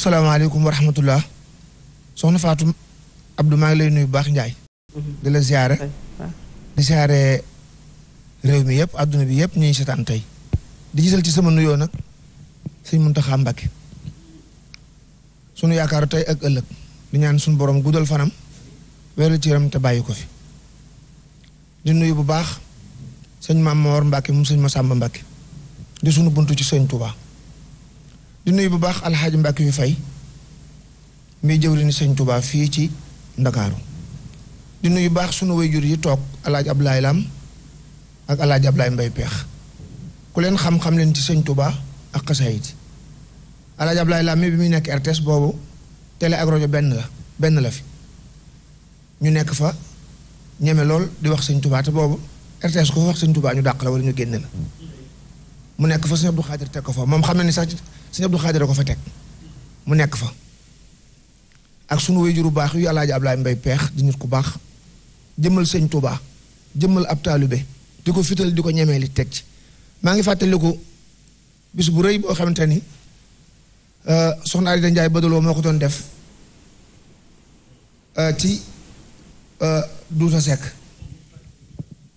asalaamaaleykum wa rahmatullah soxna Fatou abdu maa ngi lay nuyu baax Ndiaye. Mhm. di la ziare. di ziare réew mi yëpp adduna bi yëpp ñu ngi seetaan tey. di gisal ci sama nuyoo nag sëñ Muntaxa Mbàkke sunu yaakaaru tey ak ëllëg di ñaan sunu borom guddal fanam weeru ci yaram te bàyyi ko fi. di nuyu bu baax sëñ Maam Moor Mbàkke moom sëñ Masamba Mbàkke di sunu buntu ci sëñ Touba. di bu baax alxaaji Mbàkke yu fay muy jëw jëwriñu sëñ tubaa fii ci ndakaaru di nuyu bu baax sunu wayjur yi toog alaaji Ablaay Lam ak alaaji Ablaay Mbay Peex ku leen xam-xam leen ci sëñ Tuubaa ak xasaayit alaaji Ablaay Lam mi bi muy nekk RTS boobu télé ak rajo benn la benn la fi ñu nekk fa ñeme lool di wax sëñ Tuubaa te boobu RTS ko fa wax sëñ Tuubaa ñu dàq la wala ñu génn la mu nekk fa sëñ Abdu Xaadir teg ko fa moom xam na ni sa sëñ Abdou Khadir ko fa teg mu nekk fa ak sunu wéyjuru baax yu Alaaji Ablaay Mbay Peex di nit ku baax jëmmal sëñ Tuubaa jëmmal ab taalibe di ko fital di ko ñemee li teg ci maa ngi fàttaliku bis bu rëy boo xamante ni euh, soxna Adja Ndiaye Badaloo moo ko doon def euh, ci euh, Duuta Seck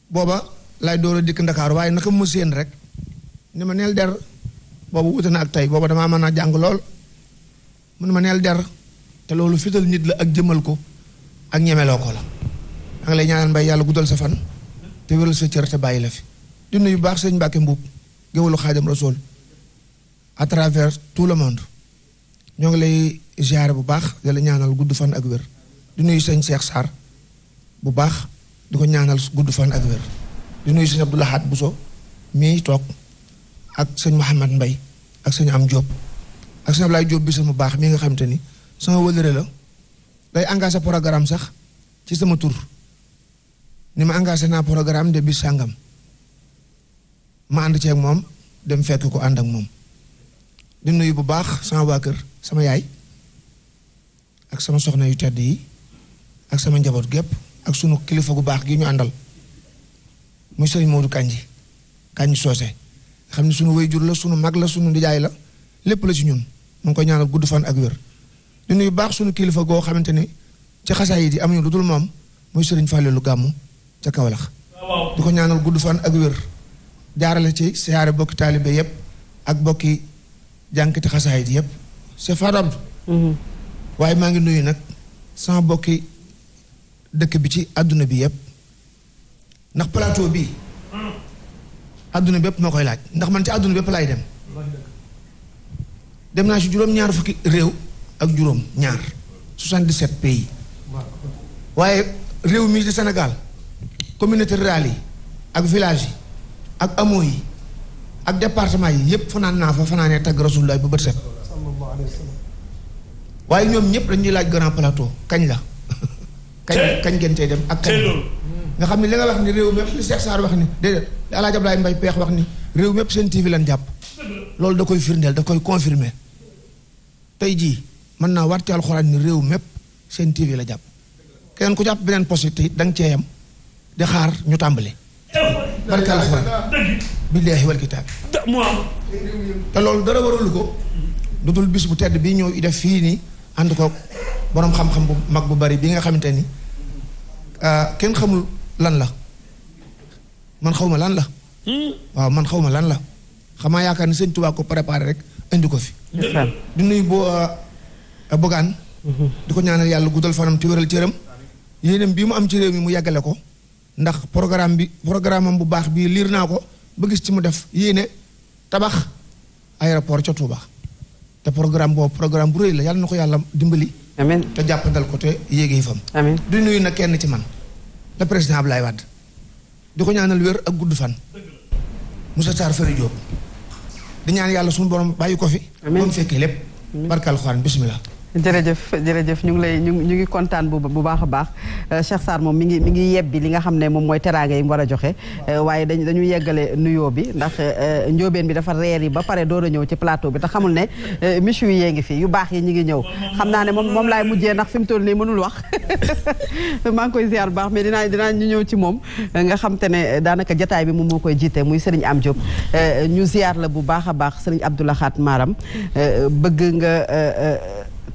booba lay door a dikk Ndakaaru waaye naka mu séen rek ni ma neel der boobu wute na ak tey boobu damaa mën a jàng lool mun ma neel der te loolu fital nit la ak jëmmal ko ak ñemeloo ko la ngi lay ñaanal mbay yàlla guddal sa fan te wéral sa bàyyi la fi di nuyu baax sëñ Mbàkke Mbuub géwalu xaajam rasool à travers tout le monde ñoo ngi lay genre bu baax di la ñaanal gudd fan ak wér di nuyu sëñ Cheikh Sarr bu baax du ko ñaanal gudd fan ak wér di nuyu sëñ Abdou Lahad Bousso mii toog ak sëñ Mouhamad Mbay ak sëñ Am Diop ak sëñ Ablaye Diop bi sama baax mi nga xam te ni sama wëllëre la day engagé programme sax ci sama tur ni ma engagé naa programme de bis sàngam ma ànd ceeg moom dem fekk ko ànd ak moom di nuyu bu baax sama waa kër sama yaay ak sama soxna yu tedd yi ak sama njaboot gépp ak suma kilifa gu baax gi ñu àndal muy sëñ Modou Kanji Kanji Soose xam ni sunu wayjur la sunu mag la sunu ndijaay la lépp la ci ñun mu ngi koy ñaanal gudd fan ak wér di nuyu baax sunu kilifa goo xamante ni ci xasaay yi amuñu lu dul moom muy sëriñ lu gàmmu ca Kaolack di ko ñaanal gudd fan ak wér jaarale ci siyaare bokki taalibe yépp ak bokki jànkati xasaay yi yépp c'est fadob mm-hmm. waaye maa ngi nuyu nag sama bokki dëkk bi ci àdduna bi yépp ndax plateau bi àdduna bépp moo koy laaj ndax man ci àdduna bépp laay dem dem naa ci juróom-ñaar fukki réew ak juróom ñaar 77 pays waaye réew mi di Sénégal communauté rurale yi ak village yi ak amoo yi ak departement yi yépp fanaan naa fa fanaanee tagg rasulullah bu bët set waaye ñoom ñépp dañuy laaj grand plateau kañ la kañ kañ gen cay dem ak kañ nga xam ne li nga wax ni réew mépp li Cheikh Sarr wax ni déedéet li El ni réew mépp seen TV lan jàpp loolu da koy firndeel da koy confirmer tey jii mën naa war ci alxuraan ni réew mépp seen TV la jàpp keneen ku jàpp beneen poste it da nga cee yam di xaar ñu tàmbali. barke alxuraan billaahi wal kitaab te loolu dara waralu ko du bis bu tedd bi ñëw def fii ni ànd ko boroom xam-xam mag bu bari bi nga xamante ni ah, kenn xamul lan la man xaw ma lan la. Hmm? waaw man xaw ma lan la xamaa yaakaar ni sëñ Tuubaa ko préparé rek indi ko fi. di nuyu boo euh, Bogaan. Mhm. di ko ñaanal yàlla guddal fanam ci wéral cëram. yéenam bii mu am ci réew mi mu yàggale ko ndax programme bi programme am bu baax bii liir naa ko ba gis ci mu def yéene tabax aéroport ca Touba te programme boobu programme bu rëy la yàlla na ko yàlla dimbali. amiin te jàppandal ko te yéegee fam. du nuyu nag kenn ci man. le président Ablaye Wade di ko ñaanal wér ak gudd fan. Moussa Sarr Fari Diop di ñaan yàlla suñu borom bàyyi ko fi. amiin ba fekkee lépp. barkal Alxuraan bisimilah. jërëjëf jërëjëf ñu ngi lay ñu ngi kontaan bu bu baax a baax euh, Cheikh Sarr moom mi ngi mi ngi yebbi li nga xam ne moom mooy teraanga yi mu war a joxe euh, waaye dañu dañu yeggale nuyoo bi ndax euh, njóobeen bi dafa reer yi ba pare door a ñëw ci plateau bi te xamul ne michu yi yee ngi fi yu baax yi ñu ngi ñëw xam naa ne moom moom laay mujjee ndax fi mu toll nii mënul wax maa ngi koy ziar bu baax mais dinaa dinaa ñu ñëw ci moom nga xam te ne daanaka jataay bi moom moo koy jiite muy Serigne Am Diop ñu siyaar la bu baax a baax Serigne Abdoulahat Maram bëgg nga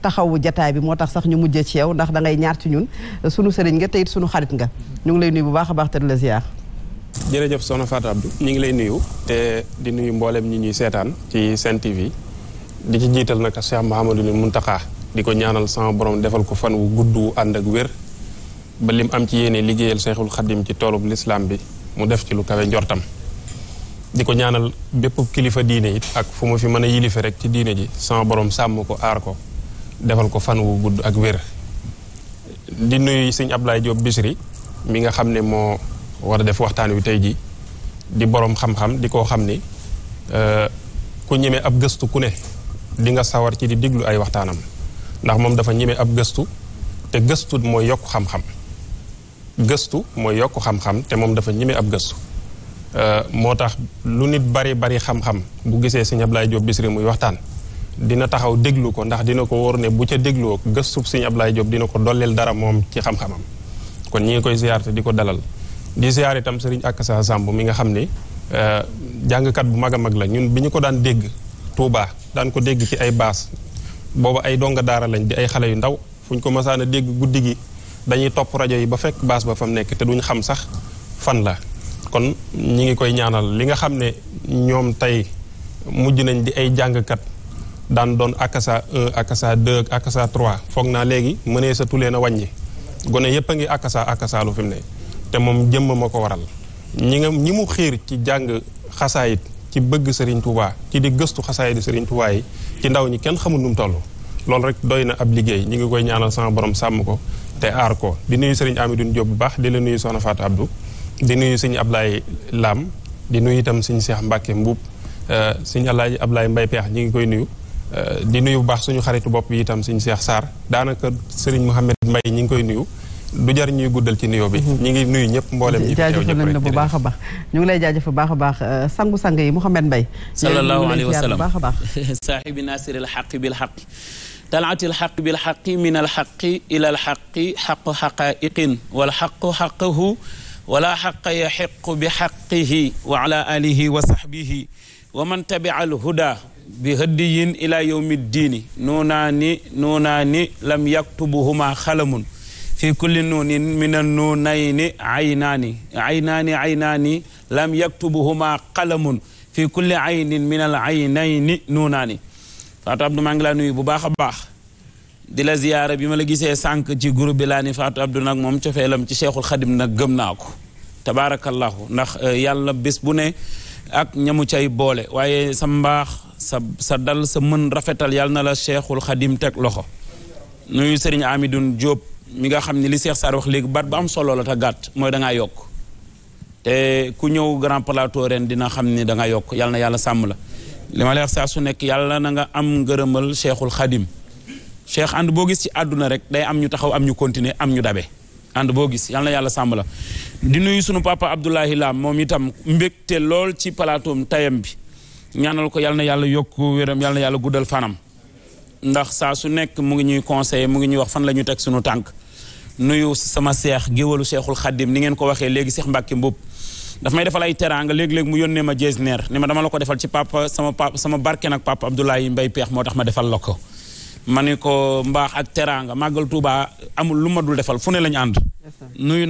taxawu jataay bi moo tax sax ñu mujjee ci yow ndax dangay ñaar ci ñun sunu sëriñ nga te it sunu xarit nga ñu ngi lay nuyu bu baax a baax te di la ziar. jërëjëf soxna Fatou Abdou ñu ngi lay nuyu te di nuyu mboolem ñi ñuy seetaan ci Sen TV di ci jiital nag Cheikh mun Mountakha di ko ñaanal sama borom defal ko fan wu gudd wu ànd ak wér ba lim am ci yéene liggéeyal Cheikhul Khadim ci toolub lislaam bi mu def ci lu kawe njortam di ko ñaanal bépp kilifa diine it ak fu mu fi mën a yilife rek ci diine ji sama borom sàmm ko aar ko defal ko fanwu gudd ak wér di nuyu sëñ Abdoulaye Diop bisiri mi nga xam ne moo war a def waxtaan wi tey ji di boroom xam-xam di koo xam ni euh, ku ñeme ab gëstu ku ne di nga sawar ci di diglu ay waxtaanam ndax moom dafa ñeme ab gëstu te gëstu mooy yokk xam-xam gëstu mooy yokk xam-xam te moom dafa ñeme ab gëstu euh, moo tax lu nit bari bari xam-xam bu gisee sëñ Abdoulaye Diop bisiri muy waxtaan dina taxaw déglu ko ndax dina ko wóor ne bu ca dégloo gëstub sëñ Ablaye Diop dina ko dolleel dara moom ci xam-xamam kon ñi ngi koy ziar te di ko dalal di ziar itam sëriñ Akassa Samb mi nga xam ni euh, jàngkat bu mag a mag la ñun bi ñu ko daan dégg Touba daan ko dégg ci ay baas booba ay donga daara lañ di ay xale yu ndaw fu ñu ko masaan a dégg guddi gi dañuy topp rajo yi ba fekk baas ba fa nekk te duñ xam sax fan la kon ñi ngi koy ñaanal li nga xam ne ñoom tey mujj nañ di ay jàngkat daan doon akasa 1 akasa 2 akasa 3 foog naa léegi mënee sa tulee na wàññi gone yépp a ngi akasa akasa lu fi ne te moom jëmm ma ko waral ñi nga ñi mu xiir ci jàng xasaayit ci bëgg Serigne tubaa ci di gëstu xasaayit Serigne Touba yi ci ndaw ñi kenn xamul nu mu toll loolu rek doy na ab liggéey ñu ngi koy ñaanal sama borom sàmm ko te aar ko di nuyu Serigne Amidoune jóo bu baax di la nuyu Soxna Fatou Abdou di nuyu Serigne Ablaye laam di nuyu itam Serigne Cheikh Mbacke Mbuub euh, Serigne Alaaji Ablaye Mbay Peex ngi koy nuyu Euh, di nuyu bu baax suñu xaritu bopp bi tam suñu Cheikh saar daanaka Serigne Mohamed Mbaye ñi ngi koy nuyu du jar ñuy guddal ci nuyoo bi. Mhm. ñu ngi nuyu ñëpp mboolem ñi. jaajëfal nañ la bu baax a baax ñu ngi lay jaajëfal baax a baax euh, sangu sang yi Mouhamed Mbaye. sallallahu alayhi wa sallam baax a baax. xaq naasiril xaqi bil xaqi. talaatil xaqi bil xaqi minal xaqi ilal xaqi xaqu xaqaa'iqin wal xaqu xaqahu wala xaqa yaxiqu bi xaqihi wa ala alihi wa saxbihi wa man tabi'a al huda bi hëddiyin ila yawmi diini nuunaani nuunaani lam yaktubuhuma xalamun fi kulli nuunin mina nuunayni aynaani aynaani aynaani lam yaktubuhuma xalamun fi kulli aynin min al aynayni nuunaani Fatou Abdou maa ngi laa nuyu bu baax a baax di la ziyaara bi ma la gisee sànq ci groupe bi laa ni Fatou Abdou nag moom ci Cheikhul Khadim nag gëm naa ko tabaarakallahu ndax eh, yàlla bés bu ne ak ñamu cay boole waaye sa sa sa dal sa mën rafetal yàlla na la cheikhul xadim teg loxo nuyu sëriñ Amidoune jóob mi nga xam ne li Cheikh Sarr wax léegi baat bu am solo la te gàtt mooy da yokk te ku ñëw Grand Plateau ren dina xam ni da ngaa yokk yàlla na yàlla sàmm la li ma lay wax su nekk yàlla na nga am ngërëmal cheikhul xadim cheikh and boo gis ci àdduna rek day am ñu taxaw am ñu continuer am ñu dabe ànd boo gis yàlla na yàlla sàmm la di nuyu sunu papa Abdoulahi Lam moom itam mbégte lool ci plateau tayam bi ñaanal ko yal na yàlla yokk wéram yal na yàlla guddal fanam ndax saa su nekk mu ngi ñuy conseiller mu ngi ñuy wax fan la ñu teg suñu tànk nuyu sama seex géwalu seexul xaddim ni ngeen ko waxee léegi seex Mbàkke Mbuub daf may defal ay teraanga léeg-léeg mu yónnee ma jees neer ne ma dama la ko defal ci papa sama papa sama barke nag papa Abdoulaye Mbay Peex moo tax ma defal la ko ma ni ko mbaax ak teraanga màggal Tuubaa amul lu ma dul defal fu ne lañu ànd nuyu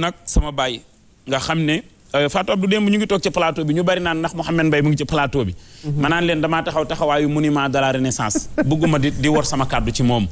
Euh, Fatou Abdou démb ñu ngi toog ci plateau bi ñu bari naan ndax Mouhamed Mbaye mu ngi ci plateau bi. Mhm. ma naan leen damaa taxaw taxawaayu monument de la renaissance. bëgguma di di war sama kàddu ci moom.